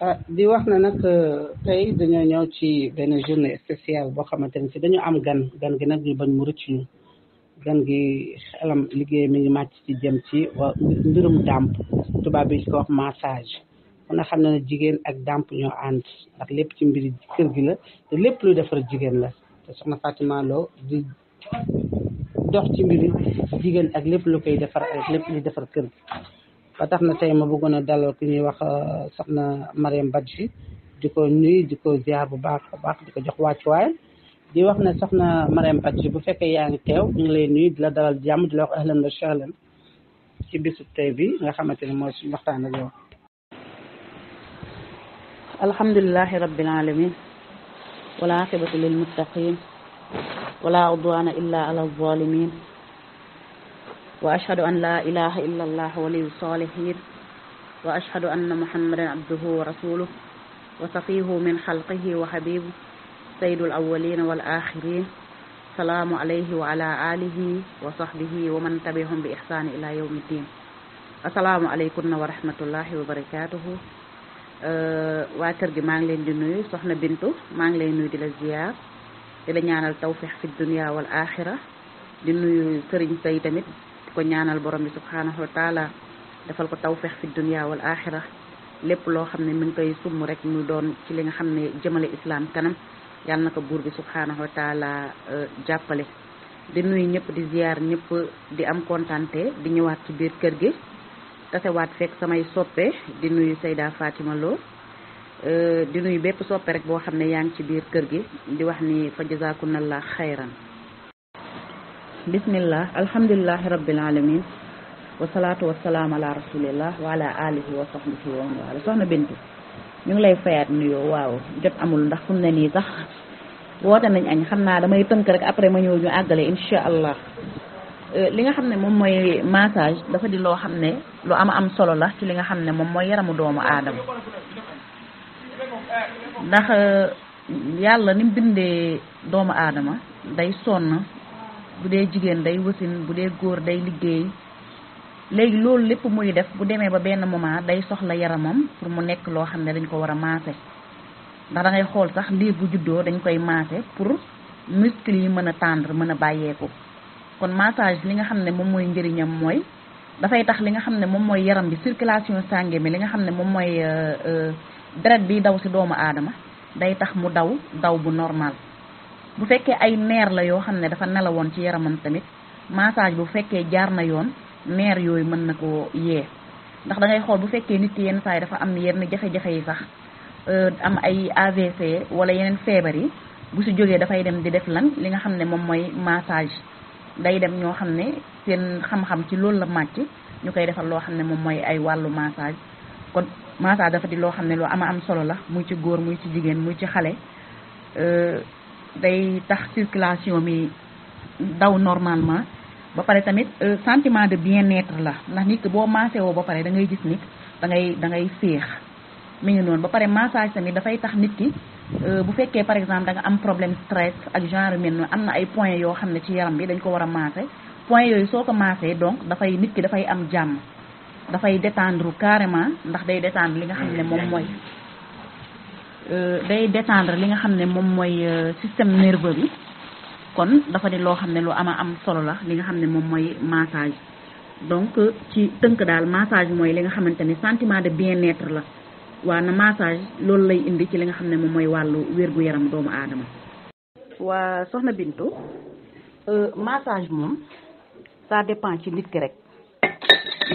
ah di wax na nag euh, tey dañoo ñëw ci benn journée spéciale boo xamante ne si dañu am gan gan gi nag ñu bañ mu rëcc ñu gan gi xelam liggéey mi ngi màcc ci jëm ci wa mbirum dàmp tubaab bi ko wax massage ku na xam na ne jigéen ak dàmp ñoo ànd ndax lépp ci mbiri kër gi la te lépp luy defar jigéen la te soxna Fatima Lo di dox ci mbiri jigéen ak lépp lu koy defar ak lépp luy defar kër gi ba tax na tey ma bëggoon a dalal ku ñuy wax soxna Mariam Badji di ko nuyu di ko ziar bu baax a baax di ko jox wàccuwaay di wax ne soxna Mariam Badji bu fekkee yaa ngi teew ñu ngi lay nuyu di la dalal jàmm di la wax ahlan wa sahlan ci bisu tey bi nga xamante ne mooy suñu waxtaan ak yow. alhamdulilahi rabbil alamin wala aqibatu lil muttaqin wala udwana illa ala zalimin وأشهد أن لا إله إلا الله ولي الصالحين وأشهد أن محمدا عبده ورسوله وسقيه من خلقه وحبيبه سيد الأولين والآخرين السلام عليه وعلى آله وصحبه ومن تبعهم بإحسان إلى يوم الدين السلام عليكم ورحمة الله وبركاته أه، واتر جمان لين دنوي صحنا بنتو مان لين نوي دل الزيار دل lay nuyu di la ziar di la ko ñaanal borom bi subhanahu wa defal ko tawfeex fi dunia wal axira lépp loo xam ne mi ngi koy summ rek mu doon ci li nga xam ne jëmale islam kanam yàlla na ko buur bi subhanahu wa taala euh, jàppale di nuyu ñëpp di ziar ñëpp di am kontante di ñëwaat ci biir kër gi tasewaat fekk samay soppe di nuyu Seyda Fatima Lo euh, di nuyu bépp soppe rek boo xam ne yaa ngi ci biir kër gi di wax ni fa jazakunallah xayran بسم الله الحمد لله رب العالمين والصلاة والسلام على رسول الله وعلى آله وصحبه ومن والاه سوحنا بنتي نيغ لاي فيات نيو واو جوت امول ندخ فمنا ني صاح ووتا نان اني خمنا داماي تنك رك ابري ما نيو ني اغالي ان شاء الله ليغا خمنا موم موي ماساج دا فا دي لو خمنا لو اما ام سولو لا سي ليغا خمنا موم موي يرامو دومو ادم ناخ يالا نيم بيندي دومو ادمه داي سون bu dee jigéen day wasin bu dee góor day liggéey léegi loolu lépp muy def bu demee ba benn moment day soxla yaramam pour mu nekk loo xam ne dañ ko war a maase ndax da xool sax liir bu juddoo dañ koy maase pour muscle yi mën a tendre mën a bàyyeeku kon massage li nga xam ne moom mooy njëriñam mooy dafay tax li nga xam ne moom mooy yaram bi circulation sanguine mi li nga xam ne moom mooy euh, euh, deret bi daw ci doomu aadama day tax mu daw daw bu normal bu fekkee ay neer la yoo xam ne dafa nelawoon ci yaramam tamit massage bu fekkee jaar na yoon neer yooyu mën na ko yee ndax da xool bu fekkee nit ki yenn saa yi dafa am yenn jafe-jafe yi sax euh, am ay AVC wala yeneen feebar yi bu si jógee dafay dem di def lan li nga xam ne moom mooy massage day dem ñoo xam ne seen xam-xam ci loolu la màcc ñu koy defal loo xam ne moom mooy ay wàllu massage kon massage dafa di loo xam ne lu ama am solo la muy ci góor muy ci jigéen muy ci xale euh, day tax circulation mi daw normalement ba pare tamit euh, sentiment de bien-être la ndax nit ki boo maasee woo ba pare dangay gis nit da ngay da ngay féex mi ngi noonu ba pare massage tamit dafay tax nit ki euh, bu fekkee par exemple danga am problème stress ak genre mel noonu am na ay points yoo xam ne ci yaram bi dañ ko war a maase points yooyu soo ko maasee donc dafay nit ki dafay am jàmm dafay détendre carrément ndax day détendre li nga xam ne moom mooy Euh, day détendre li nga xam ne moom mooy euh, système nerveux bi kon dafa di loo xam ne lu ama am solo la li nga xam ne moom mooy massage donc ci tënk daal massage mooy li nga xamante ne sentiment de bien-être la waa na massage loolu lay indi ci li nga xam ne moom mooy wàllu wérgu yaram doomu aadama waa soxna Bintu euh, massage moom sa dépend ci nit ki rek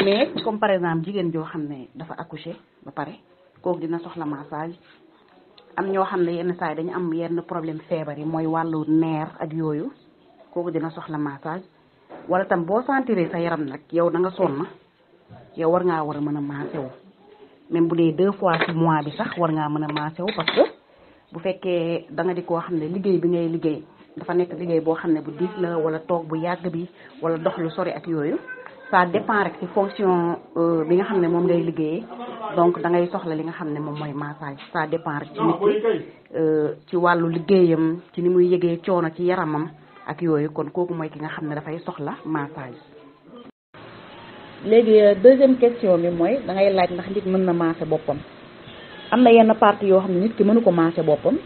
mais comme par exemple jigéen joo xam ne dafa accouché ba pare kook dina soxla massage am ñoo xam ne yenn saa yi dañu am yenn problème feebar yi mooy wàllu neer ak yooyu kooku dina soxla massage wala tam boo sentiree sa yaram nag yow da nga na yow war ngaa war a mën a maase wu même bu dee deux fois ci mois bi sax war ngaa mën a maase wu parce que bu fekkee danga di koo xam ne liggéey bi ngay liggéey dafa nekk liggéey boo xam ne bu diis la wala toog bu yàgg bi wala dox lu sori ak yooyu ça dépend rek ci fonction euh, bi nga xam ne moom ngay liggéeyee donc dangay soxla li nga xam ne moom mooy massage sa dépend rek ci nit ki euh, ci wàllu liggéeyam ci ni muy yëgee coono ci yaramam ak yooyu kon kooku mooy ki nga xam ne dafay soxla massage. léegi euh, deuxième question bi mooy da ngay laaj ndax nit mën na maase boppam am na yenn partie yoo xam ne nit ki mënu ko maase boppam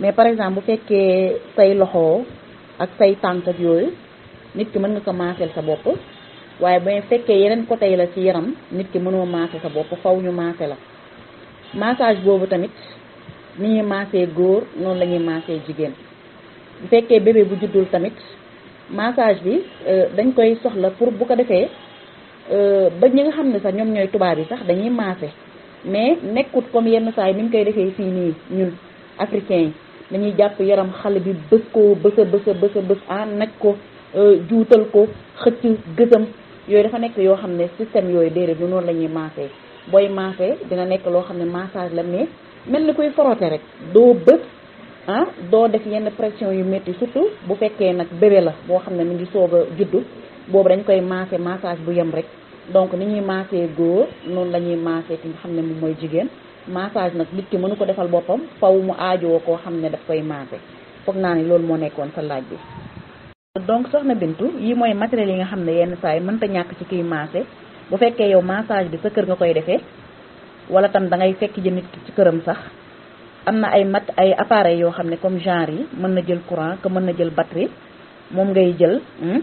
mais par exemple bu fekkee say loxo ak say tànk ak yooyu nit ki mën nga ko maaseel sa bopp. waaye bu fekkee yeneen côté yi la ci yaram nit ki mënoo maase sa bopp faw ñu maase la massage boobu tamit ni ñuy maasee góor noonu la ñuy maasee jigéen bu fekkee bu juddul tamit massage bi euh, dañ koy soxla pour bu ko defee euh, ba ñi nga xam ne sax ñoom ñooy tubaab yi sax dañuy maase mais nekkut comme yenn saa yi ni ñu koy defee fii nii ñun africains yi dañuy jàpp yaram xale bi bës ko bësa bësa bës ah nag ko juutal ko xëcc gësam yooyu dafa nekk yoo xam ne système yooyu déedéet du noonu la ñuy maasee booy maasee dina nekk loo xam ne massage la mais mel ni kuy forote rek doo bët ah doo def yenn pression yu métti surtout bu fekkee nag bébé la boo xam ne mu ngi soog a juddu boobu dañ koy maase massage bu yem rek donc ni ñuy maasee góor noonu la ñuy maasee ki nga xam ne moom mooy jigéen massage nag nit ki mënu ko defal boppam faw mu aajoo koo xam ne daf koy maase foog naa ne loolu moo nekkoon sa laaj bi donc soxna Bintu yi mooy matériels yi nga xam ne yenn saa yi mënta ñàkk ci kiy maase bu fekkee yow massage bi sa kër nga koy defee wala tam da ngay fekk ji nit ci këram sax am na ay mat ay appareils yoo xam ne comme genre yi mën na jël courant que mën na jël batterie moom ngay jël hmm,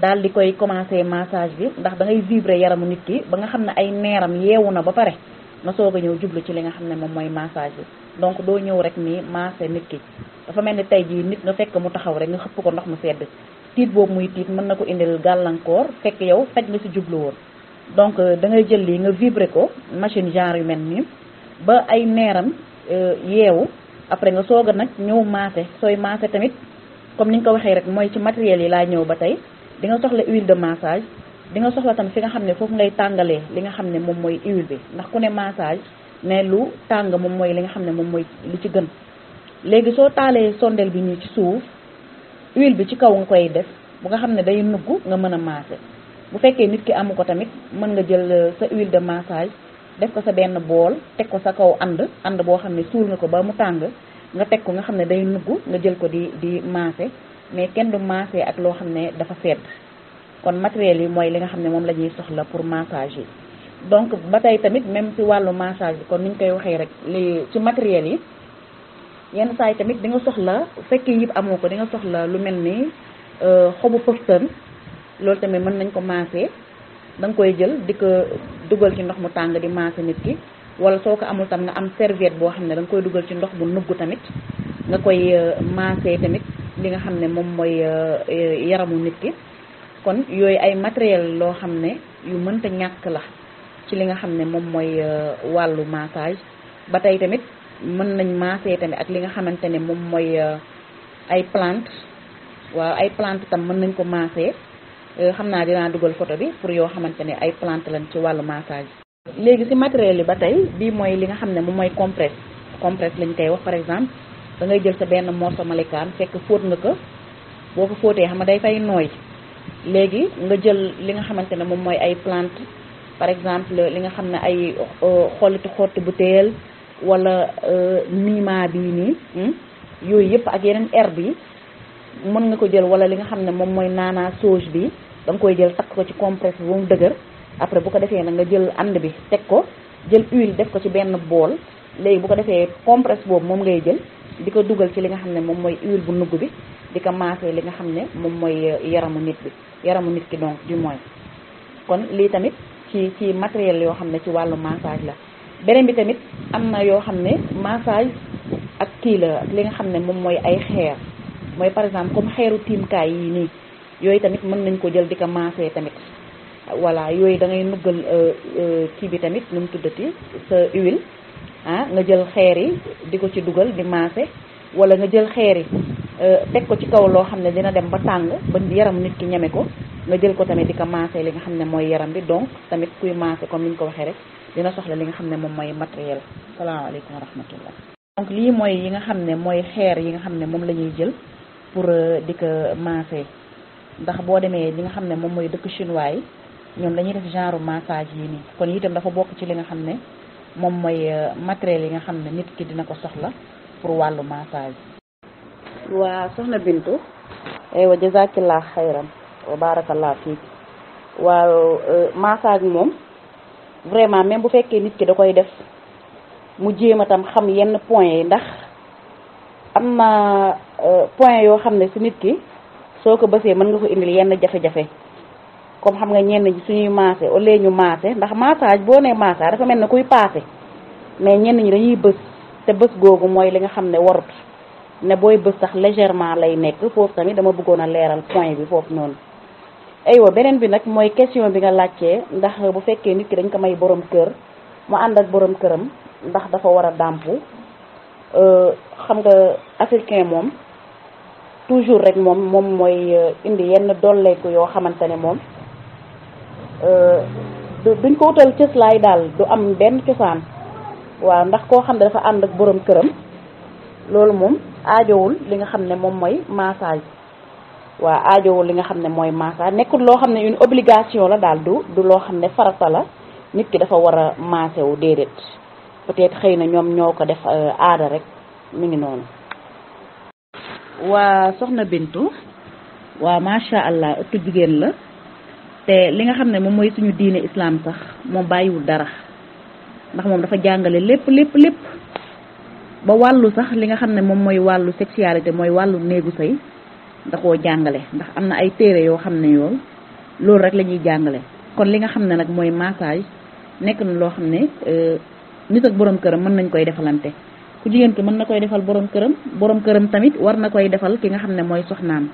daal di koy commencer massage bi ndax da ngay yaramu nit ki ba nga xam ne ay neeram yeewu na ba pare nga soog a ñëw jublu ci li nga xam ne moom mooy massage bi donc doo ñëw rek ni maase nit ki dafa mel ni tey jii nit nga fekk mu taxaw rek nga xëpp ko ndox mu sedd tiit boobu muy tiit mën na ko indil gàllankoor fekk yow faj nga ci jublu woon donc euh, da ngay jël lii nga vibré ko machine genre yu mel nii ba ay neeram euh, yeewu après nga soog a nag ñëw maase sooy maase tamit comme ni nga ko waxee rek mooy ci matériel yi laa ñëw ba tey di nga soxla huile de massage di nga soxla tamit fi nga xam ne foofu ngay tàngalee li nga xam ne moom mooy huile bi ndax ku ne massage ne lu tàng moom mooy li nga xam ne moom mooy li ci gën léegi soo taalee sondeel bi nii ci suuf huile bi ci kaw nga koy def bu nga xam ne day nugg nga mën a maase bu fekkee nit ki amu ko tamit mën nga jël euh, sa huile de massage def ko sa benn bool teg ko sa kaw ànd ànd boo xam ne suul nga ko ba mu tàng nga teg ko nga xam ne day nugg nga jël ko di di maase mais kenn du maase ak loo xam ne dafa sedd kon matériel yi mooy li nga xam ne moom la ñuy soxla pour massage yi donc ba tey tamit même si wàllu massage bi kon ni koy waxee rek li ci matériel yi yenn saa yi tamit di nga soxla bu fekkee yëpp amoo ko di nga soxla lu mel ni euh, xobu pëftan loolu tamit mën nañ ko maasee danga koy jël di ko dugal ci ndox mu tàng di maase nit ki wala soo ko amul tam nga am serviette boo xam ne da koy dugal ci ndox mu nugg tamit nga koy euh, maasee tamit li nga xam ne moom mooy euh, yaramu nit ki kon yooyu ay matériel loo xam ne yu mënta ñàkk la ci li nga xam ne moom mooy wàllu massage ba tey tamit mën nañ maasee tamit ak li nga xamante ne moom mooy euh, ay plante waaw ay plante tam mën nañ ko maasee euh, xam naa dinaa dugal photo bi pour yoo xamante ne ay plante lañ ci wàllu massage léegi si matériel yi ba tey bii li nga xam ne moom mooy compresse compresse lañ koy wax par exemple da ngay jël sa benn morceau malikaan fekk fóot nga ko boo ko fóotee xam nga day fay nooy léegi nga jël li nga xamante ne moom mooy ay plante par exemple li nga xam ne ay euh, xollitu xottu butéel wala euh, niima bii nii hmm, yooyu yëpp ak yeneen herbe yi mën nga ko jël wala li nga xam ne moom mooy naanaa sauge bi da koy jël takk ko ci compresse bi ba mu dëgër après bu ko defee na nga jël ànd bi teg ko jël huile def ko ci benn bool léegi bu ko defee compresse boobu moom ngay jël di ko dugal ci li nga xam ne moom mooy huile bu nugg bi di ko maasee li nga xam ne moom mooy euh, yaramu nit bi yaramu nit ki donc du moins kon lii tamit ci ci matériel yoo xam ne ci wàllu massage la beneen bi tamit am na yoo xam ne massage ak kii la li nga xam ne moom mooy ay xeer mooy par exemple comme xeeru tiimkaay yi nii yooyu tamit mën nañ ko jël di ko maasee tamit voilà yooyu da ngay nuggal euh, euh, kii bi tamit nu mu tuddati sa ah nga jël xeer yi di ko ci dugal di maase wala nga jël xeer yi euh, teg ko ci kaw loo xam ne dina dem ba tàng ba yaram nit ki ñeme ko nga jël ko tamit di ko maase li nga xam ne mooy yaram bi donc tamit kuy maase comme ni ñu ko waxee rek dina soxla li nga xam ne moom mooy matériel salaamaaleykum wa rahmatullah donc lii mooy yi nga xam ne mooy xeer yi nga xam ne moom la ñuy jël pour euh, di ko masser ndax boo demee li nga xam ne moom mooy dëkk chinois yi ñoom dañuy def genre massage yi nii kon itam dafa bokk ci li nga xam ne moom mooy euh, matériel yi nga xam ne nit ki dina ko soxla pour wàllu massage waa soxna Bintu aywa jazakillah xayran wa barakallah fiik waaw euh, massage moom vraiment même bu fekkee nit ki da koy def mu jéem a tam xam yenn points yi ndax am na euh, point yoo xam ne si nit ki soo ko bësee mën nga ko indil yenn jafe-jafe comme xam nga ñenn ñi suñuy maase au lieu ñu maase ndax massage boo nee massage dafa mel na kuy paase mais ñenn ñi dañuy bës te bës googu mooy li nga xam ne warut ne booy bës sax légèrement lay nekk foofu tamit dama bëggoon a leeral point bi foofu noonu. aywa beneen bi nag mooy question bi nga laajtee ndax bu fekkee nit ki dañ ko may boroom kër mu ànd ak borom këram ndax dafa war a dàmpu euh, xam nga africain moom toujours rek moom moom mooy euh, indi yenn dolleeku yoo xamante ne moom euh, duñ ko wutal cëslaay daal du am benn cosaan waaw ndax koo xam ne dafa ànd ak borom këram loolu moom aajowul li nga xam ne moom mooy massage waa aajowul li nga xam ne mooy maasa nekkul loo xam ne une obligation la daal du du loo xam ne farata la nit ki dafa war a maase wu déedéet peut-être xëy na ñoom ñoo ko def euh, aada rek mu ngi noonu. waa soxna Bintu waa macha allah ëttu jigéen la te li nga xam ne moom mooy suñu diine islam sax moom bàyyiwul dara ndax moom dafa jàngale lépp lépp lépp ba wàllu sax li nga xam ne moom mooy wàllu sexualité mooy wàllu néegu sëy da koo jàngale ndax am na ay téere yoo xam ne yow loolu rek la ñuy jàngale kon li nga xam ne nag mooy massage nekk na loo xam ne euh, nit ak boroom këram mën nañ koy defalante ku jigéen ki mën na koy defal boroom këram borom këram tamit war na koy defal ki nga xam ne mooy soxnaam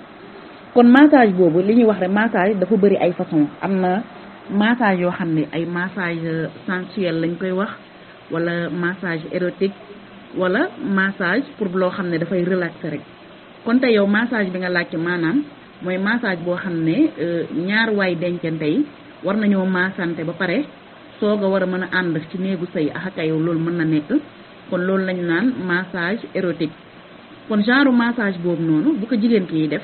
kon massage boobu li ñuy wax rek massage dafa bëri ay façons am na massage yoo xam ne ay massage sensuel lañ koy wax wala massage érotique wala massage pour loo xam ne dafay relaxer rek kon tey yow massage bi nga laajte maanaam mooy massage boo xam ne euh, ñaar waay dencante yi war nañoo maasante ba pare soog a war a mën a ànd ci néegu sëy ak yow loolu mën na nekk kon loolu lañu naan massage érotique kon genre massage boobu noonu bu ko jigéen kiy def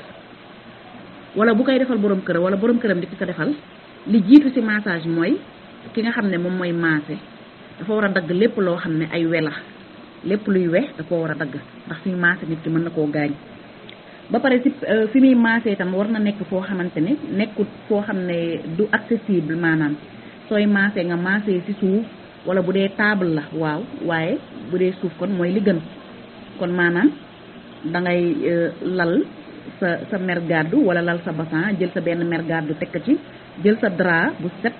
wala bu koy defal boroom këram wala borom këram di ko defal li jiitu ci massage mooy ki nga xam ne moom mooy maase dafa war a dagg lépp loo xam ne ay we la lépp luy we da koo war a dagg ndax suñu maase nit mën na koo gaañ. ba pare ci eh, fi muy maasee tam war na nekk foo xamante ne nekkut foo xam ne du accessible maanaam sooy maasee nga maasee si suuf wala bu dee table la waaw waaye bu dee kon mooy li gën kon maanaam da ngay eh, lal sa sa mer gàddu wala lal sa bassan jël sa benn mer gàddu teg ci jël sa drap bu set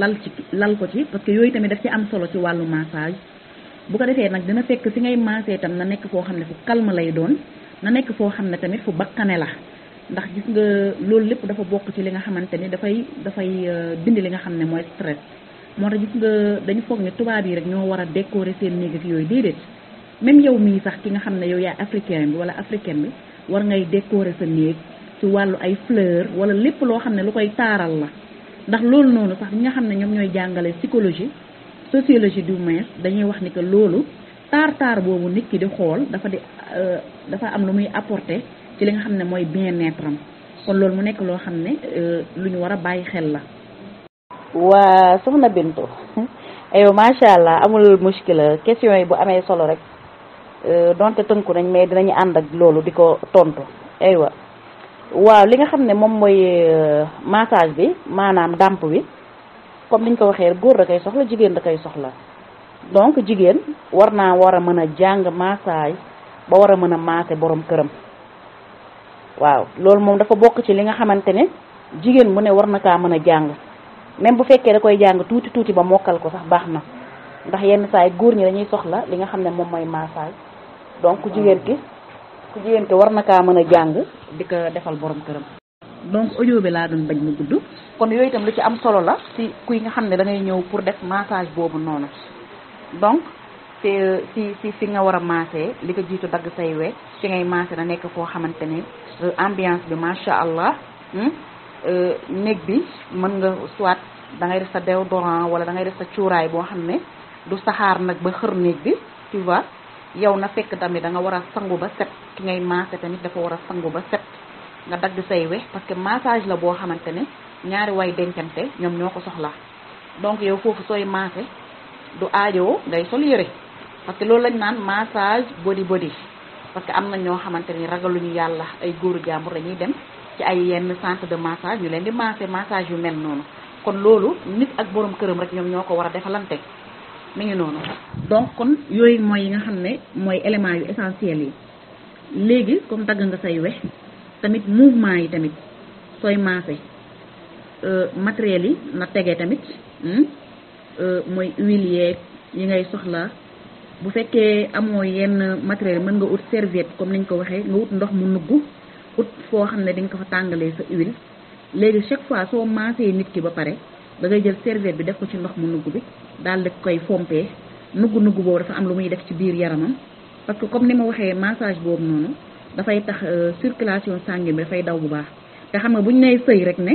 lal ci lal ko ci parce que yooyu tamit daf ci am solo ci wàllu massage bu ko defee nag dina fekk fi ngay maasee tam na nekk foo xam ne fu calme lay doon na nekk foo xam ne tamit fu bakkane la ndax gis nga loolu lépp dafa bokk ci li nga xamante ni dafay dafay euh, bind li nga xam ne mooy stress moo tax gis nga dañu foog ne tubaab yi rek ñoo war a décorer seen néeg fi yooyu déedéet même yow mii sax ki nga xam ne yow yaay africain bi wala africaine bi war ngay décorer sa néeg ci wàllu ay fleur wala lépp loo xam ne lu koy taaral la ndax loolu noonu sax ñi nga xam ne ñoom ñooy jàngale psychologie sociologie du moins dañuy wax ni que loolu taar taar boobu nit ki di xool dafa Euh, dafa am lu muy apporté ci li nga xam ne mooy bien-être am kon loolu mu nekk loo xam ne euh, lu ñu war a bàyyi xel la. waa soxna Bintu aywa macha allah amul muskila question yi bu amee solo rek euh, donte tënku nañ may dinañu ànd ak loolu di ko tontu aywa waaw li nga xam ne moom mooy massage bi maanaam dàmp bi comme niñ ko waxee góor da koy soxla jigéen da koy soxla donc jigéen war naa war a mën a jàng massage ba wara mëna maté wow borom kërëm waaw lool mom dafa jigen ci li nga xamantene jigen mu ne war na ka mëna jang même bu fekkee da koy jang tuuti tuuti ba mokal ko sax baxna ndax yenn saay goor ñi dañuy soxla li nga xamne mom moy massage donc ku ki ku jigen ki war na ka mëna jang dika defal borom kërëm donc audio bi la doon bañ mu gudd kon yoy itam lu ci am solo la si kuy nga xamne da ngay ñëw pour def massage bobu nonu donc te si si nga war a maasee li ko jiitu dagg say we fi ngay maase na nekk foo xamante ne euh, ambiance bi macha allah hmm, euh, néeg bi mën nga soit da def sa déodorant wala da ngay def sa cuuraay boo xam ne du saxaar nag ba xër néeg bi tu vois yow na fekk tamit da nga war a sangu ba set ki ngay maase tamit dafa war a sangu ba set nga dagg say we parce que massage la boo xamante ne ñaari way dencante ñoom ñoo ko soxla donc yow foofu sooy maase du aajo ngay parce que loolu lañu naan massage body body parce que am na ñoo xamante ni ragaluñu yàlla ay góoru jàmbur dañuy dem ci ay yenn centre de massage ñu leen di massé massage yu mel noonu kon loolu nit ak boroom këram rek ñoom ñoo ko war a defalante mi ngi noonu. donc kon yooyu mooy yi nga xam ne mooy éléments yu essentiels yi léegi comme dagg nga say wex tamit mouvement yi tamit sooy massé euh, matériels yi na tegee tamit hmm? euh, mooy huile yeeg yi ngay soxla. bu fekkee amoo yenn matériel mën nga ut serviette comme niñ ko waxee nga ut ndox mu nugg ut foo xam ne di ko fa tàngalee sa huile léegi chaque fois soo maasee nit ki ba pare da jël serviette bi def ci ndox mu nugg bi daal di koy fompee nugg nugg boobu dafa am lu muy def ci biir yaramam parce que comme ni ma waxee massage boobu noonu dafay tax euh, circulation sanguine bi dafay daw bu baax te xam nga bu ñu ne sëy rek ne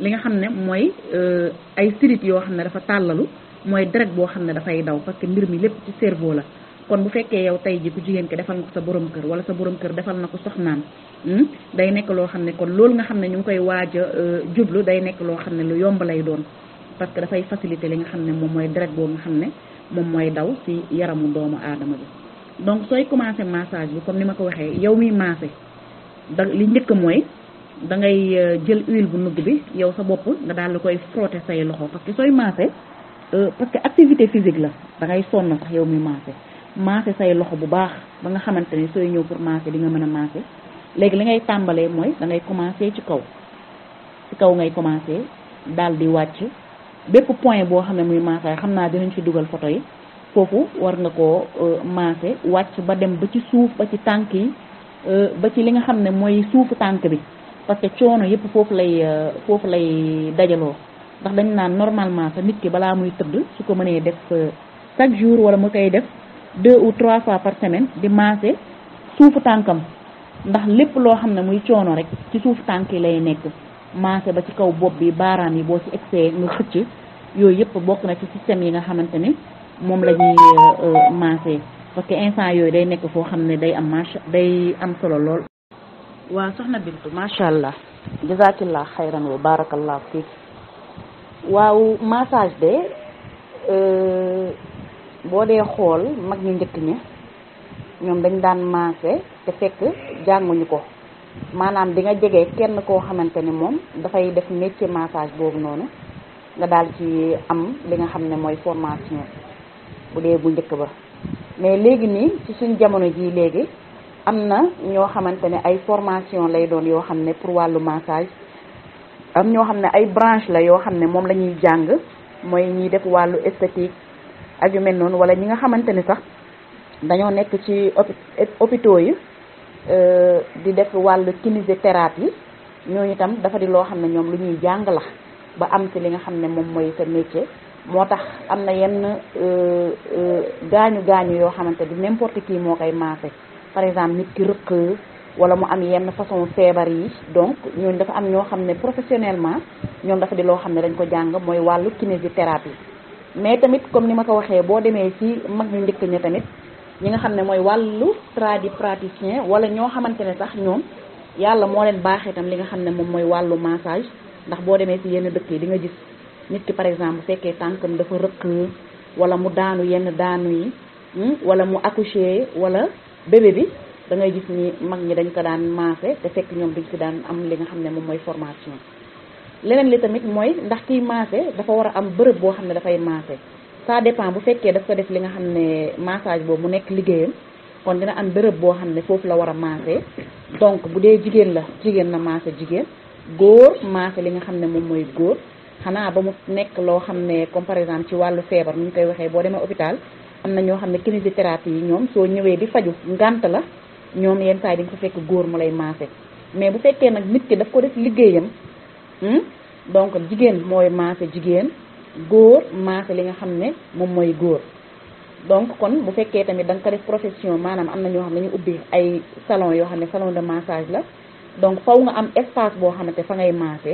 li nga xam ne mooy euh, ay sirit yoo xam ne dafa tàllalu mooy deret boo xam ne dafay daw parce que mbir mi lépp ci cerveau la kon bu fekkee yow tey ji ku jigéen ki defal nga ko sa borom kër wala sa borom kër defal na ko soxnaam hmm, day nekk loo xam ne kon loolu nga xam ne ñu ngi koy waaja a euh, jublu day nekk loo xam ne lu yomb lay doon parce que dafay faciliter li nga xam ne moom mooy deret boobu nga xam ne moom mooy daw ci yaramu doomu aadama bi donc sooy commencé massage bi comme ni ma ko waxee yow miy massé da li njëkk mooy da ngay euh, jël huile bu bi yow sa bopp nga daal di koy frotter say loxo parce que sooy massé Euh, parce que activité physique la dangay ngay sonn sax yow mi maase maase say loxo bu baax ba nga xamante ne sooy ñëw pour maase di nga mën a maase léegi li ngay tàmbalee mooy dangay ngay commencer ci kaw ci kaw ngay commencer daal di wàcc bépp point boo xam ne muy maasaay xam naa dinañ ci dugal photo yi foofu war nga koo euh, maase wàcc ba dem ba ci suuf ba ci tànk yi euh, ba ci li nga xam ne mooy suufu tànk bi parce que coono yépp foofu lay foofu lay dajaloo ndax dañ naan normalement sa nit ki balaa muy tëdd su ko mënee def euh, chaque jour wala mu koy def deux ou trois fois par semaine di maase suufu tànkam ndax lépp loo xam ne muy coono rek ci suufu tànk yi lay nekk maase ba ci kaw bopp bi baaraam yi boo ci egsee nga xëcc yooyu yëpp bokk na ci système yi nga xamante ne moom la ñuy euh, euh, maase parce que instant yooyu day nekk foo xam ne day am marché day am solo lool. waa soxna Bintu macha allah. jazakillah xayran wa barakallahu fiik waaw massage de euh, boo dee xool mag ñu njëkk ña ñoom dañ daan maase te fekk jànguñu ko maanaam di nga jege kenn koo xamante ni moom dafay def métier massage boobu noonu nga daal ci am li nga xam ne mooy formation bu dee bu njëkk ba mais léegi nii ci suñ jamono jii léegi am na ñoo xamante ne ay formation lay doon yoo xam ne pour wàllu massage am ñoo xam ne ay branche la yoo xam ne moom la ñuy jàng mooy ñiy def wàllu esthétique ak yu mel noonu wala ñi nga xamante ni sax dañoo nekk ci hôpitaux yi euh, di def wàllu yi ñooñu itam dafa di loo xam ne ñoom lu ñuy jàng la ba am ci li nga xam ne moom mooy sa métier moo tax am na yenn euh, euh, gaañu gaañu yoo xamante ni n'importe kii moo koy maase par exemple nit ki rëq wala mu am yenn façon feebar yi donc ñooñu dafa am ñoo xam ne professionnellement ñoom dafa di loo xam ne dañ ko jàng mooy wàllu kinésithérapie mais tamit comme ni ma ko waxee boo demee ci mag ñu njëkk ña tamit ñi nga xam ne mooy wàllu praticien wala ñoo xamante ne sax ñoom yàlla moo leen baaxee tam li nga xam ne moom mooy wàllu massage ndax boo demee ci yenn dëkk yi di nga gis nit ki par exemple fekkee tànkam dafa rëkk wala mu daanu yenn daanu yi hmm, wala mu accouché wala bébé bi da ngay gis ni mag ñi dañ ko daan maase te fekk ñoom duñ si daan am li nga xam ne moom mooy formation leneen li tamit mooy ndax kiy maase dafa war a am bërëb boo xam ne dafay maase ça dépend bu fekkee daf ko def li nga xam ne massage boobu mu nekk liggéeyam kon dina am bërëb boo xam ne foofu la war a maase donc bu dee jigéen la jigéen na maase jigéen góor maase li nga xam ne moom mooy góor xanaa ba mu nekk loo xam ne comme par exemple ci wàllu feebar ni ñu koy waxee boo demee hôpital am na ñoo xam ne kinésithérapie yi ñoom soo ñëwee di faju ngànt la ñoom yenn saa yi dañ ko fekk góor mu lay maase mais bu fekkee nag nit ki daf ko def liggéeyam hmm, donc jigéen mooy maase jigéen góor maase li nga xam ne moom mooy góor donc kon bu fekkee tamit da ko def profession maanaam am na ñoo xam ne dañu ubbi ay salon yoo xam ne salon de massage la donc faw nga am espace boo xamante fa ngay maase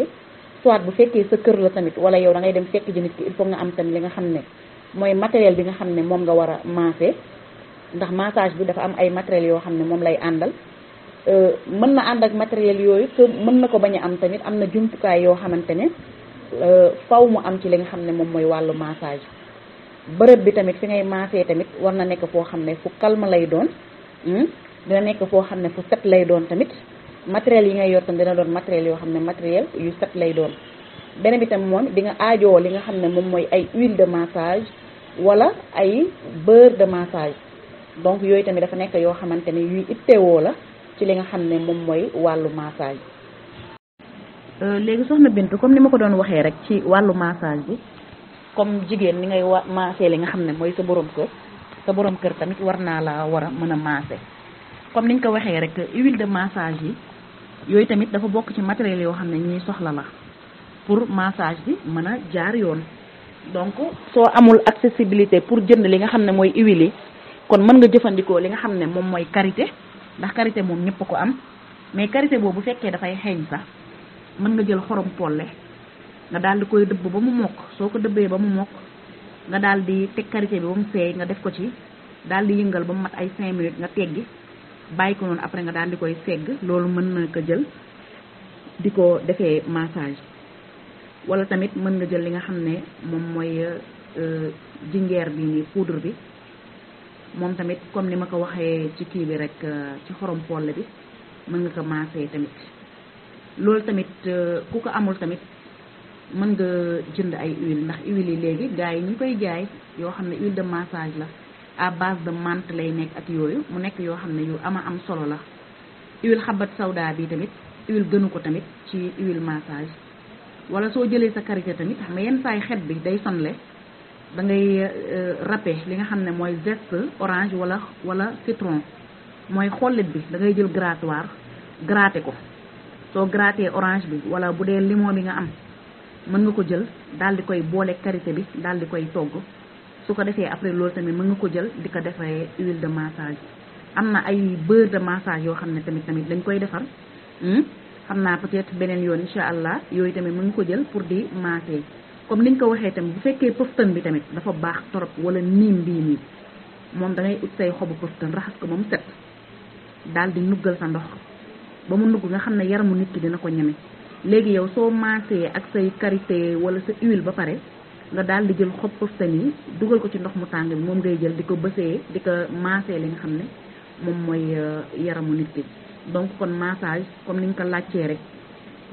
soit bu fekkee sa kër la tamit wala yow da ngay dem fekk ji nit ki il faut nga am tamit li nga xam ne mooy matériel bi nga xam ne moom nga war a maase ndax massage bi dafa am ay matériels yoo xam ne moom lay àndal euh, mën na ànd ak matériel yooyu que mën na ko bañ a am tamit am na jumtukaay yoo xamante ne euh, faw mu am ci li nga xam ne moom mooy wàllu massage bërëb bi tamit fi ngay maasee tamit war na nekk foo xam ne fu calme lay doon hmm? dina nekk foo xam ne fu set lay doon tamit matériel yi ngay yor tam dina doon matériel yoo xam ne matériel yu lay doon beneen bi tam moom di nga aajoo li nga xam ne moom mooy ay huile de massage wala ay beurre de massage donc yooyu tamit dafa nekk yoo xamante ne yuy ittewoo la ci li nga xam ne moom mooy wàllu massage euh, léegi soxna Bintu comme ni ma ko doon waxee rek ci wàllu massage bi comme jigéen ni ngay wa maasee li nga xam ne mooy sa borom kër sa borom kër tamit war naa la war a mën a maase comme niñ ko waxee rek huile de massage yi yooyu tamit dafa bokk ci matériel yoo xam ne ñuy soxla la pour massage bi mën a jaar yoon donc soo amul accessibilité pour jënd li nga xam ne mooy huile yi kon man nga jëfandiko li nga xamne mom moy karité ndax karité mom ñepp ko am mais karité fekke da fay xéñ sax man nga jël xorom polle nga dal di koy dëbb ba mu mok soko dëbbé ba mu mok nga dal di tek karité bi ba mu nga def ko ci dal di yëngal ba mu mat ay 5 minutes nga téggi bayiko non après nga dal di koy ségg lolu mën na ko jël diko défé massage wala tamit mën nga jël li nga xamné mom moy euh jingère bi ni poudre bi moom tamit comme ni ma ko waxee ci kii bi rek euh, ci xorom polle bi mën nga ko maasee tamit loolu tamit euh, ku ko amul tamit mën nga jënd ay huile ndax huile yi léegi gars yi ñu koy jaay yoo xam ne huile de massage la à base de lay nekk ak yooyu mu nekk yoo xam ne yu ama am solo la huile xabat sawda bi tamit huile gënu ko tamit ci huile massage wala soo jëlee sa karité tamit xam yenn saay xet bi day sonle da ngay euh, râper li nga xam ne mooy zeste orange wala wala citron mooy xollit bi da ngay jël grattoir gratter ko soo gratter orange bi wala bu dee limon bi nga am mën nga ko jël daal di koy boole karité bi daal di koy togg su ko defee après loolu tamit mën nga ko jël di ko defee huile de massage am na ay beurre de massage yoo xam ne tamit tamit dañ koy defar hmm? xam naa peut-être beneen yoon incha allah yooyu tamit mën nga ko jël pour di masser. comme niñ ko waxee tamit bu fekkee pëftan bi tamit dafa baax torop wala niim bii nii moom da ut say xobu pëftan raxas ko ba mu set daal di nuggal sa ndox ba mu nugg nga xam ne yaramu nit ki dina ko ñeme léegi yow soo maasee ak say quarité wala sa huile ba pare nga daal di jël xob pëftan yi dugal ko ci ndox mu tàng bi moom ngay jël di ko bësee di ko maasee li nga xam ne moom mooy euh, yaramu nit ki donc kon massage comme niñ ko laajtee rek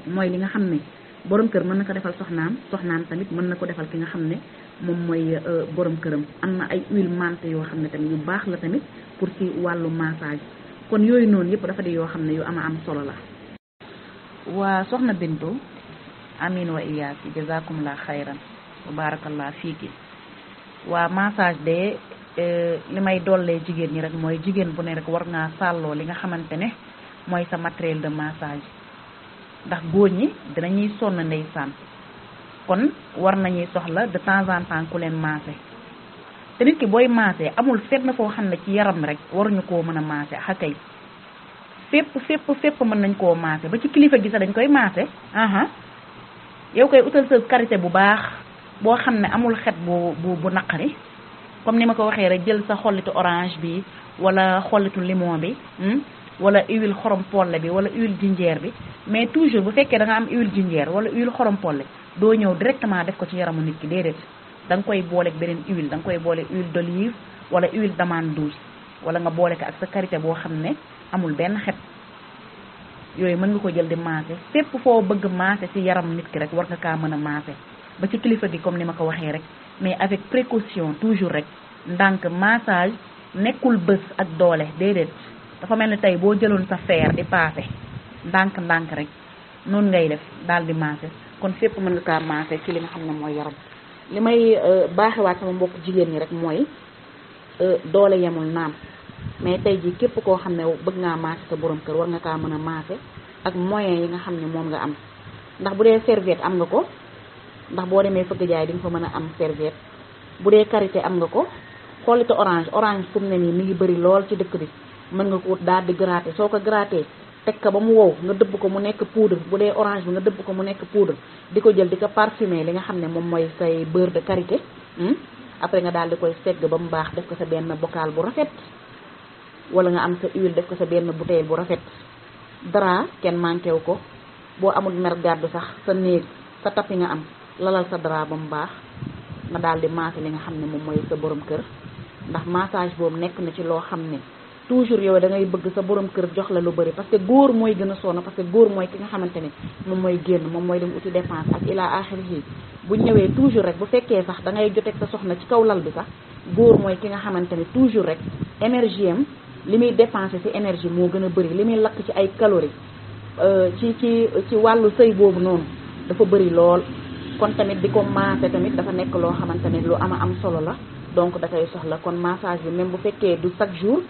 mooy li nga xam ne borom kër mën na ko defal soxnaam soxnaam tamit mën na ko defal ki nga xam ne moom mooy euh, borom këram am na ay huile menthe yoo xam ne tamit yu baax la tamit pour ci wàllu massage kon yooyu noonu yëpp dafa di yoo xam ne yu ama am solo la waa soxna Bintu amin wa iyaaki jazakumullah xayran wa barakallah ki waa massage de euh, li may dollee jigéen ñi rek mooy jigéen bu ne rek war ngaa sàlloo li nga xamante ne mooy sa matériel de massage ndax góor ñi dinañuy sonn ndeysaan kon war nañuy soxla de temps en temps ku leen maase te nit ki booy maase amul fet na foo xam ne ci yaram rek waruñu koo mën a maase xakay fépp fépp fépp mën nañ koo maase ba ci kilifa gi sax dañ koy maase aha yow koy utal sa karité bu baax boo xam ne amul xet bu bu bu naqari comme ni ma ko waxee rek jël sa xollitu orange bi wala xolitu limon bi hmm. wala huile xorom polle bi wala huile jinjeer bi mais toujours bu fekkee da am huile jinjeer wala huile xorom polle doo ñëw directement def ko ci yaramu nit ki déedéet da koy booleeg beneen huile danga koy boole huile d'olive wala huile d'amande douce wala nga boole ak sa karité boo xam ne amul benn xet yooyu mën nga ko jël di maase fépp foo bëgg maase ci yaram nit ki rek war nga kaa mën a maase ba ci kilifa gi comme ni ma ko waxee rek mais avec précaution toujours rek ndànk massage nekkul bës ak doole déedéet dafa mel ni tey boo jëloon sa feer di paase ndànk-ndànk rek noonu ngay def daal di maase kon fépp mën nga kaa maase ci li nga xam ne mooy yaram li may euh, baaxewaat sama mbokk jigéen ñi rek mooy euh, doole yemul naam mais tey jii képp koo xam ne bëgg ngaa maase sa borom kër war nga kaa mën a maase ak moyens yi nga xam ne moom nga am ndax bu dee serviette am nga ko ndax boo demee fëgg jaay di nga fa mën a am serviette bu dee karité am nga ko xoolite orange orange fu mu ne nii ngi bëri lool ci dëkk bi mën nga ko daal di gratter soo ko gratter teg ko ba mu wow nga dëbb ko mu nekk poudre bu dee orange bi nga dëbb ko mu nekk poudre di ko jël di ko parfumer li nga xam ne moom say beurre de karité hmm? après nga daal di koy segg ba mu baax def ko sa benn bocal bu rafet wala nga am sa huile def ko sa benn bouteille bu rafet dara kenn manqué ko boo amul mer gàddu sax sa néeg sa tapi nga am lalal sa dara ba mu baax nga daal di maase li nga xam ne moom sa borom kër ndax massage boobu nekk na ci loo xam toujours yow dangay bëgg sa borom kër jox la lu bëri parce que góor mooy gën a sonn parce que góor mooy ki nga xamante ne moom mooy génn moom mooy dem uti dépense ak ila axiri bu fekkee sax da ngay joteeg sa soxna kaw lal bi sax góor mooy ki nga xamante ne toujours rek énergie am li muy dépensé ci énergie moo gën a bëri li muy lakk ci ay calories euh, ci ci ci wàllu sëy boobu noonu dafa bëri lool kon tamit di ko maase dafa nekk loo xamante ne lu ama am solo la donc da koy soxla kon massage bi même bu fekkee du chaque jour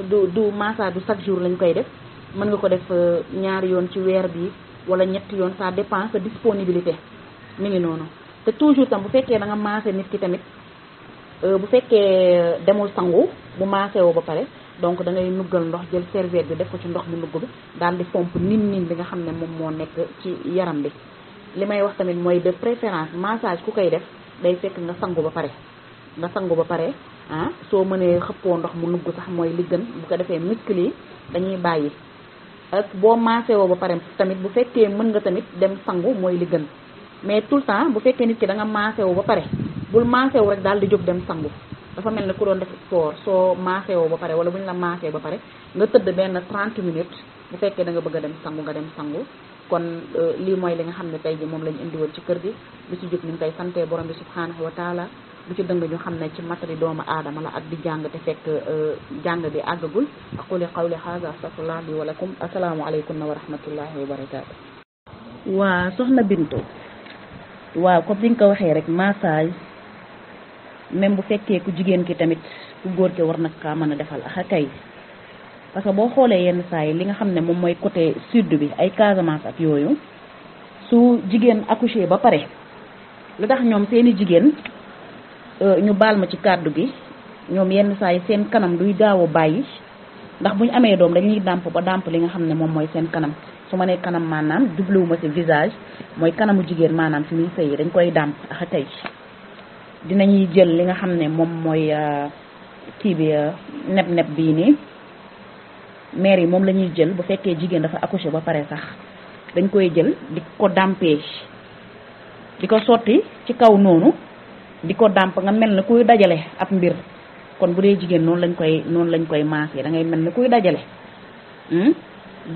du du massage du chaque jour lañ koy def mën nga ko def euh, ñaari yoon ci weer bi wala ñetti yoon ça dépend sa disponibilité mi ngi noonu te toujours tam bu fekkee danga nga nit ki tamit euh, bu fekkee euh, demul sangu bu maase woo ba pare donc da ngay nuggal ndox jël serviette bi def ko ci ndox bi nugg bi daal di pompe nin nin bi nga xam ne moom moo nekk ci yaram bi li may wax tamit mooy de préférence massage ku koy def day fekk nga sangu ba pare nga sangu ba pare ah soo mënee xëppoo ndox mu nugg sax mooy li gën bu ko defee muscle yi dañuy bàyyi boo maasee woo ba pare tamit bu fekkee mën nga tamit dem sangu mooy li mais tout le temps bu fekkee nit ki danga nga maasee woo ba pare bul maasee wu rek di jóg dem sangu dafa mel ne ku doon def sport soo maasee woo pare wala bu ñu la maasee ba pare nga tëdd benn 30 minutes bu fekkee da nga bëgg dem sangu nga dem sangu kon euh, lii mooy li nga xam ne tey ji moom lañu indiwoon ci kër gi bi ci jóg ñu ngi koy santee borom bi subhaanahu wa lu ci dëng ñu xam ne ci matari doomu aadama la ak di jàng te fekk euh, jàng bi àggagul aquli qawli haza astaghfirullah li wa lakum asalaamu aleykum wa rahmatullahi wa barakaatu waa soxna Bintu waaw comme ni nga ko waxee rek massage même bu fekkee ku jigéen ki tamit ku góor ki war na kaa mën a defal ak kay parce que boo xoolee yenn saa li nga xam ne moom mooy côté sud bi ay Casamance ak yooyu su jigéen accouché ba pare lu tax ñoom seeni jigéen Euh, ñu baal ma ci kàddu gi ñoom yenn saa yi seen kanam duy gaaw bàyyi ndax bu ñu amee doom dañuy dàmp ba dàmp li nga xam ne moom mooy seen kanam su ma nee kanam maanaam jubluwuma ci visage mooy kanamu jigéen maanaam fi muy sëyi dañ koy dàmp ak tey dinañuy jël li nga xam ne moom mooy euh, kii bi euh, neb neb bii nii mère yi moom la jël bu fekkee jigéen dafa accouché ba pare sax dañ koy jël di ko dàmpee di ko sotti ci kaw noonu di ko dàmp nga mel na kuy dajale ab mbir kon bu dee jigéen noonu lañ koy noonu lañ koy maasee dangay mel na kuy dajale hmm?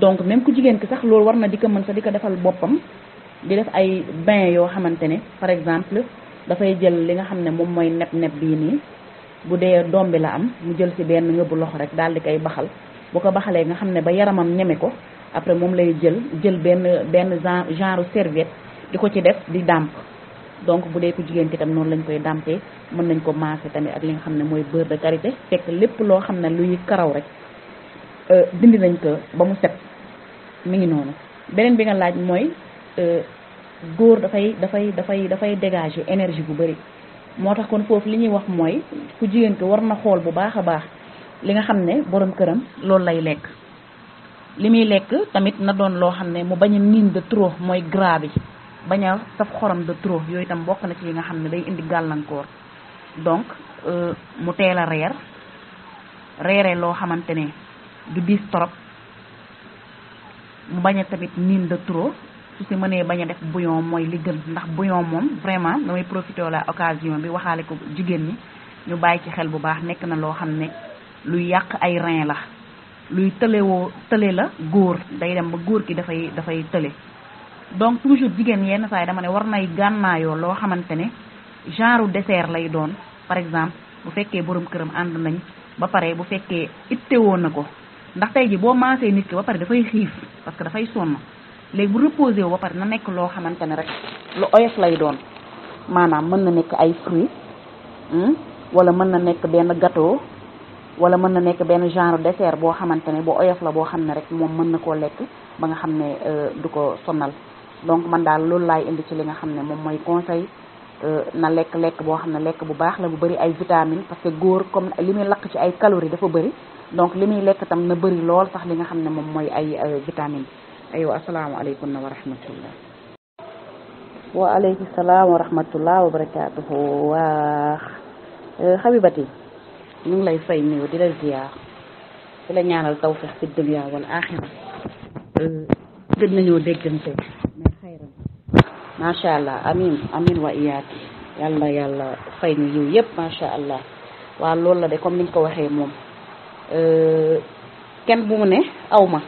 donc même ku jigéen ki sax loolu war na di ko mën sax di ko defal boppam di def ay bain yoo xamante ne par exemple dafay jël li nga xam ne moom mooy neb neb bii nii bu dee doom bi la am mu jël ci benn ngëbu loxo rek daal di koy baxal bu ko baxalee nga xam ne ba yaramam ñeme ko après moom lay jël jël benn benn genre serviette di ko ci def di dàmp donc bu dee ko jigéen ki tam noonu lañ koy dàmpee mën nañ ko maase tamit ak li nga xam ne mooy beurre de karité fekk lépp loo xam ne luy karaw rek euh, dindi nañ ko ba mu set mi ngi noonu beneen bi nga laaj mooy euh, góor dafay dafay dafay dafay dégager énergie bu bari moo tax kon foofu li ñuy wax mooy ku jigéen ki war na xool bu baax a baax li nga xam ne borom këram loolu lay lekk li muy lekk tamit na doon loo xam ne mu bañ niin de trop mooy gras bi baña saf xorom de trop yoy tam bok na ci li nga xamne day indi galankor donc euh, mu téla rer reer lo xamantene du bis trop mu baña tamit nin de trop su ci mënee baña def bouillon moy li gën ndax bouillon mom vraiment damay profiter la occasion bi waxale ko jigen ni ñu bàyyi ci xel bu baax nek na lo xamne lu luy ay rein la luy tëlewoo tele la góor day dem ba góor ki da fay tele donc toujours jigéen yenn saa yi dama ne war nay gànnaayoo loo xamante ne genre dessert lay doon par exemple bu fekkee borom këram ànd nañ ba pare bu fekkee woon na ko ndax tey ji boo maasee nit ki ba pare dafay xiif parce que dafay sonn léegi bu reposé wu ba pare na nekk loo xamante ne rek lu oyof lay doon maanaam mën na nekk ay fruits hmm, wala mën na nekk benn gato wala mën na nekk benn genre dessert boo xamante ne boo oyof la boo xam ne rek moom mën na koo lekk ba nga xam ne euh, du ko sonal donc man daal loolu laay indi ci li nga xam ne moom mooy conseil euh, na lekk lekk boo xam ne lekk bu baax la bu bari ay vitamine parce que góor comme li muy lakk ci ay calories dafa bëri donc li muy lekk tam na bari lool sax li nga xam ne moom mooy ay vitamine aywa asalaamaaleykum wa rahmatullah wa aleykum salaam wa rahmatullah wa barakaatuhu waa xabibati euh, ñu ngi lay fay nuyu di la ziyaar di la ñaanal tawfiq fi dunya wal axira euh, gën nañoo déggante macha allah amin amin wa iyaati yàlla yàlla fay ñu yiw yëpp macha allah waaw loolu la de comme ni niñ ko waxee moom euh, kenn bu mu ne aw ma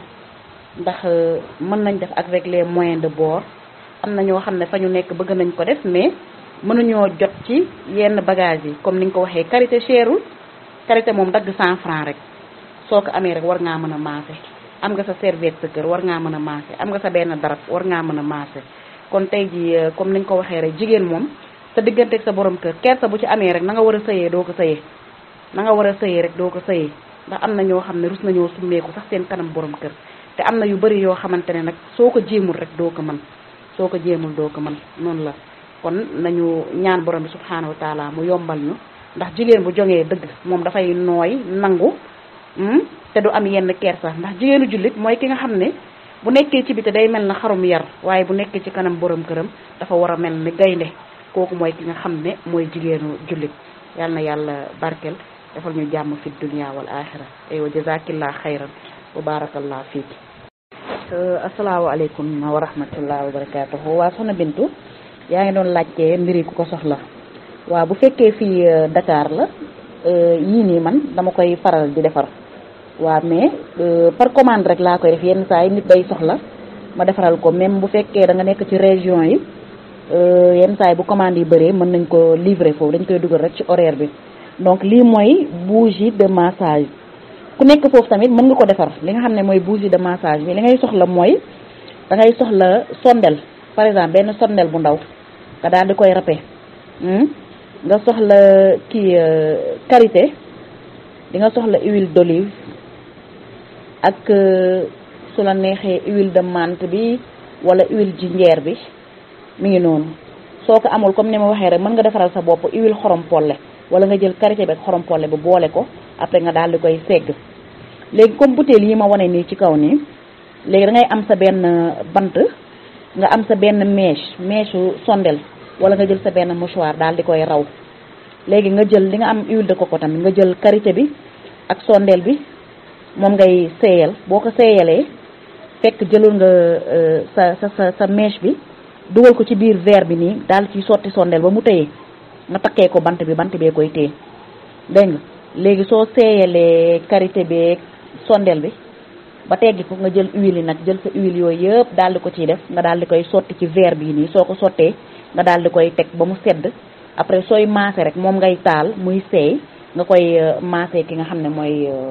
ndax euh, mën nañ def avec les moyens de bord am na ñoo xam ne fa ñu nekk bëgg nañ ko def mais mënuñoo jot ci yenn bagage yi comme ni nga ko waxee karité cherul karité moom dagg cent franc rek soo ko amee rek war ngaa mën a maase am nga sa serviette sa kër war ngaa mën a maase am nga sa benn darab war ngaa mën a maase kon tey ji euh, comme nañ ko waxee rek jigéen moom sa diggante sa borom kër kersa bu ci amee rek nanga war a sëyee doo ko sëyee na nga war a sëyee rek doo ko sëyee ndax am na ñoo xam ne rus nañoo summeeku sax seen kanam borom kër te am na yu bari yoo xamante ne nag soo ko jéemul rek doo ko mën soo ko jéemul doo ko mën noonu la kon nañu ñaan borom bi subhaanahu wa taala mu yombal ñu ndax jigéen bu jongee dëgg moom dafay nooy nangu hmm, te du am yenn kersa ndax jigéenu jullit mooy ki nga xam ne bu nekké ci biti day mel xarum yar waye bu nekké ci kanam borom kërëm dafa wara melni gaynde koku moy ki nga xamné moy jigéenu julit yalna yàlla barkel defal ñu jàmm fi dunya wal akhirah axira wa jazakillahu khairan wa barakallahu barakallah assalamu alaykum wa rahmatullahi wa barakatuh wa soxna bintu ya ngi don laccé mbiri ku ko soxla wa bu fekkee fi Dakar la yi ni man dama koy faral di defar wa mais euh, par commande rek la koy def yenn saay nit day soxla ma defaral ko même bu fekke da nga nek ci région yi euh yenn saay bu commande yi beure meun nañ ko livrer fo dañ koy dugal rek ci horaire bi donc li moy bougie de massage ku nek fofu tamit meun nga ko defar li nga xamne moy bougie de massage mais li ngay soxla moy da ngay soxla sondel par exemple ben sondel bu ndaw da dal di koy rapé hmm nga soxla ki euh karité di nga soxla huile d'olive ak euh, su la neexee huile de menthe bi wala huile jinjeer bi mu ngi noonu soo ko amul comme ni ma waxee rek mën nga defaral sa bopp huile xorom polle nga jël karité bi ak xorom polle bi boole ko après nga daal di koy segg léegi comme butéel yi ma wane nii ci kaw nii léegi da ngay am sa benn euh, bant nga am sa benn mèche mèche sondel wala nga jël sa benn mouchoir daal di koy raw léegi nga jël li nga am huile de coco tamit nga jël karité bi ak sondeel bi moom ngay seeyal boo ko seeyalee fekk jëlul nga euh, sa sa sa sa bi dugal ko ci biir ver bi nii daal ci sotti sondeel ba mu téye nga takkee ko bant bi bant bee koy téye dégg nga léegi soo seeyalee karité beeg sondeel bi ba teggi ko nga jël huile yi nag jël sa huile yooyu yëpp daal di ko ciy def nga daal di koy sotti ci verre bii nii soo ko sottee nga daal di koy teg ba mu sedd après sooy maase rek moom ngay taal muy seey nga koy euh, maase ki nga xam ne mooy euh,